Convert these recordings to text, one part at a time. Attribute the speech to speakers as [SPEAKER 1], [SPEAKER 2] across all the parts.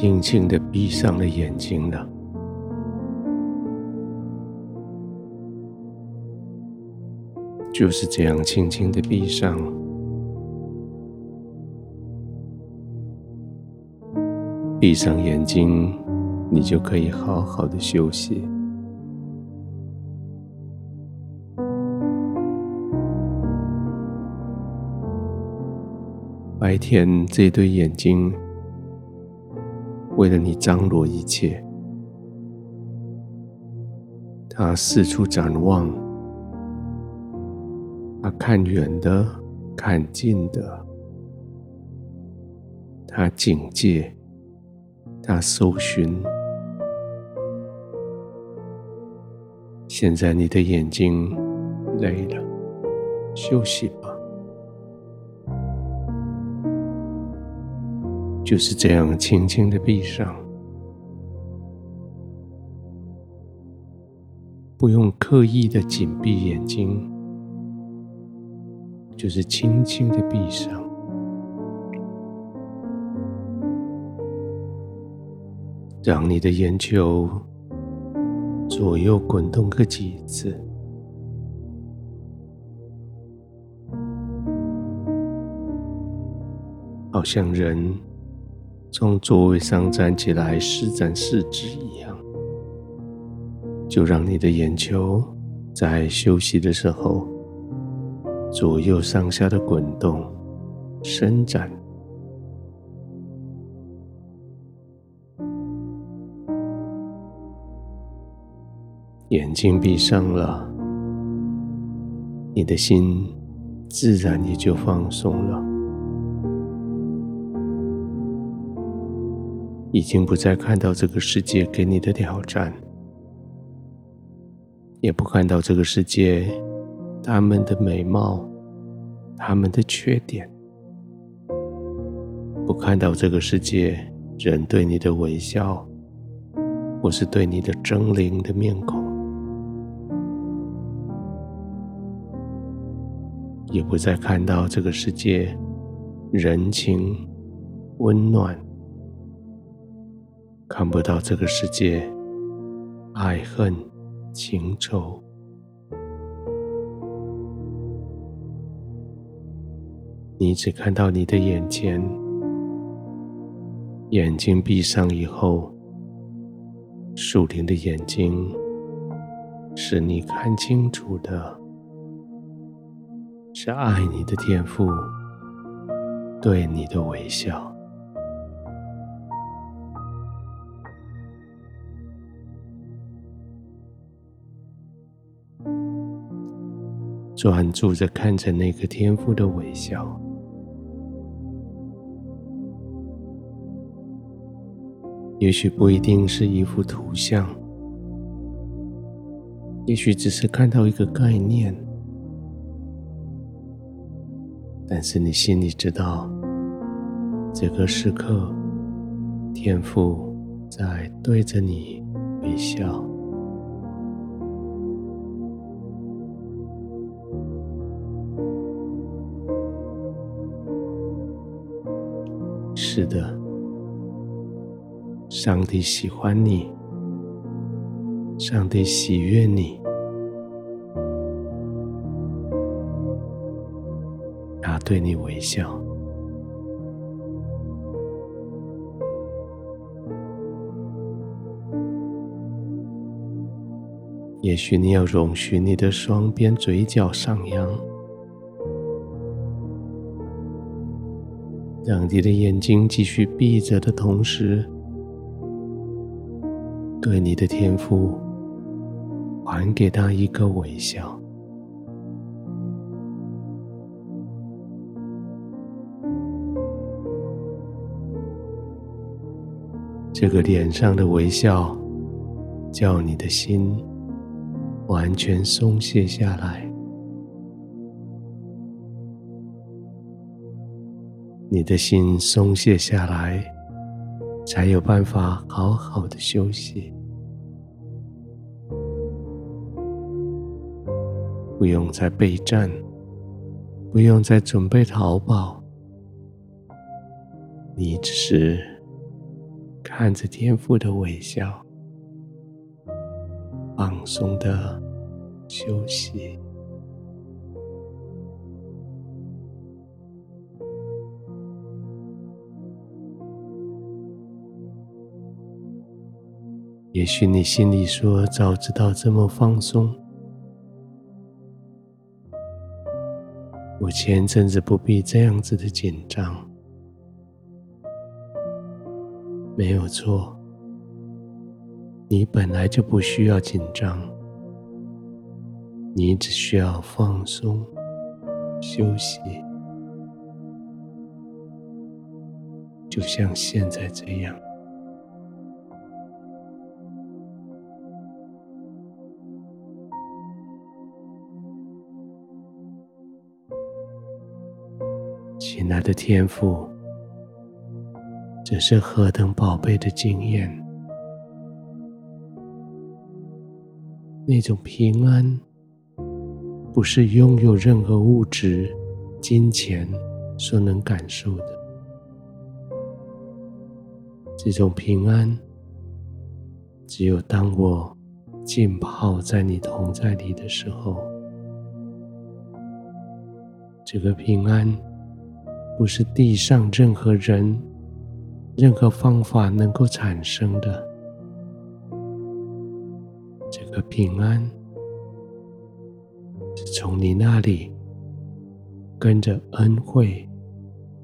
[SPEAKER 1] 輕輕的閉上了眼睛了，就是這樣輕輕的閉上，閉上眼睛，你就可以好好的休息。白天這對眼睛。為了你張羅一切，他四處展望，他看遠的，看近的，他警戒，他搜尋。現在你的眼睛累了，休息吧。就是這樣輕輕的閉上，不用刻意的緊閉眼睛，就是輕輕的閉上，讓你的眼球左右滾動個幾次，好像人。從座位上站起來，伸展四肢一樣，就讓你的眼球在休息的時候左右上下的滾動、伸展。眼睛閉上了，你的心自然也就放鬆了。已經不再看到這個世界給你的挑戰，也不看到這個世界他們的美貌，他們的缺點；不看到這個世界人對你的微笑，或是對你的猙獰的面孔，也不再看到這個世界人情溫暖。看不到這個世界，愛恨情仇。你只看到你的眼前，眼睛閉上以後，屬靈的眼睛是你看清楚的，是愛你的天父，對你的微笑。專注着看着那個天父的微笑，也許不一定是一幅圖像，也許只是看到一個概念，但是你心裡知道，這個時刻，天父在對着你微笑。是的，上帝喜歡你，上帝喜悅你，他對你微笑。也許你要容許你的雙邊嘴角上揚。讓你的眼睛繼續閉着的同時，對你的天父，還給他一個微笑。這個臉上的微笑，叫你的心完全鬆懈下來。你的心鬆懈下來，才有辦法好好的休息，不用再備戰，不用再準備逃跑，你只是看着天父的微笑，放鬆的休息。也許你心裡說：“早知道這麼放鬆，我前陣子不必這樣子的緊張。”沒有錯，你本來就不需要緊張，你只需要放鬆、休息，就像現在這樣。來的天賦，這是何等寶貝的經驗！那種平安，不是擁有任何物質、金錢所能感受的。這種平安，只有當我浸泡在你同在裡的時候，這個平安。不是地上任何人、任何方法能夠產生的。這個平安是從你那裡跟着恩惠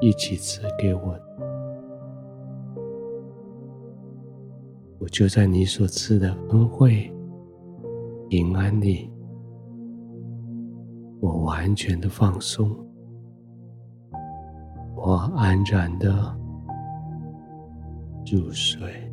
[SPEAKER 1] 一起賜給我，我就在你所賜的恩惠平安裡，我完全的放鬆。我安然的入睡。